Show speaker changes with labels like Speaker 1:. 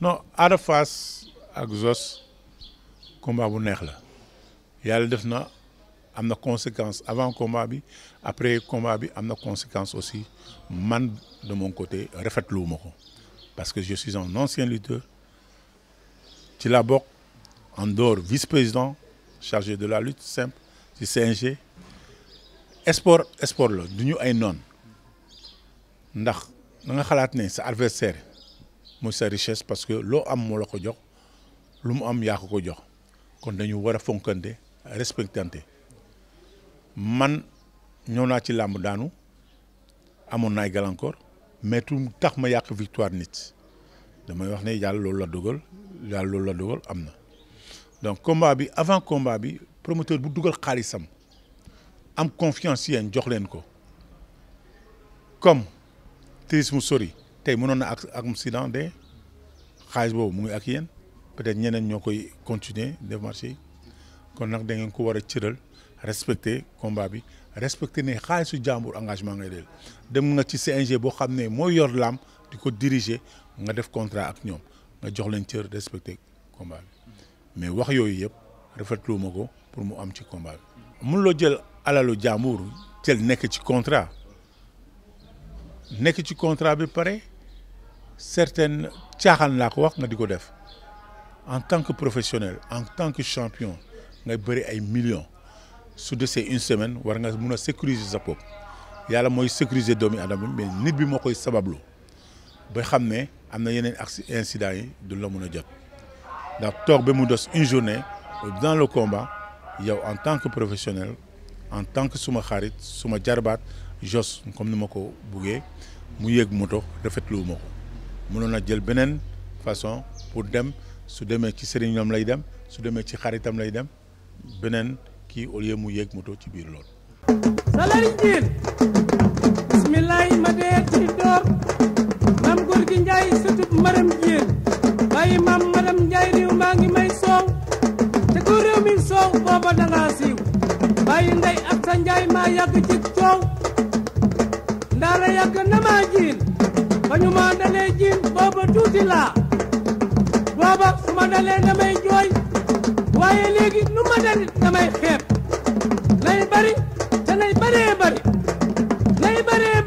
Speaker 1: non à Fass ak Zos combat bu neex la yalla def na conséquences conséquence avant combat bi après combat bi amna des conséquences aussi man de mon côté refet lou parce que je suis un ancien lutteur Tu là bok en dehors vice-président chargé de la lutte simple du CNG sport sport la duñu ay non. ndax da nga xalaat ne sa adversaire mooy sa richesse parce que lo am mo lako jox lu mu am ya ko ko jox kon dañu wara fonkante respectante man ñëw naa ci lamb daanu amoon naay gàllankoor mais tax ma yàq victoire nit dama wax ne yàlla loolu la dougal yàlla loolu la dougal amna donc combat bi avant combat bi promoteur bu dougal xaalisam am confiance yeen jox len ko comme tris mu sori tey mënoon na ak de des boobu mu ngi ak peut-être ñeneen marcher continuer def marché kon nak da ngeen respecter combat respecter ne jambour engagement ngay réel. dem nga ci CNG bo xamné yor diriger nga def contrat ak nga jox leen respecter combat mais wax yeb choses, pour mu am ci combat bi. lo jël alalu jambour ci contrat nek ci contrat bi pare certaines caaxaan la ko wax nga di ko def en tant que professionnel en tant que champion ngay bëri ay millions su ces une semaine war nga mun sécuriser sa bopp yàlla mooy sécuriser domi adama mais nit bi mokoy sabablo sabablu ba amna ne am na yeneen incidents yi du la mun a jot ndax mu dos une journée dans le combat yow en tant que professionnel en tant que suma xarit suma jarbat, jos comme ni mako bougué mu yéeg moto rafetlu ma mënoon a jël beneen façon pour dem su demee ci sëriñam lay dem su demee ci xaritam lay dem beneen kii au mu yéeg moto ci biir loolu.
Speaker 2: salari jiin bismillaay ma dee ci door maam góor gi njaay sëtub maram jiin bàyyi maam maram njaay réew maa ngi may soow te ko réew mi soow booba dangaa siiw bàyyi ndey ak sa njaay maa yàgg ci coow ndaara yàgg na maa jiin booba su ma dalee damay jooy waaye léegi nu ma dalit damay xeeb nay bari te nay baree bari nay baree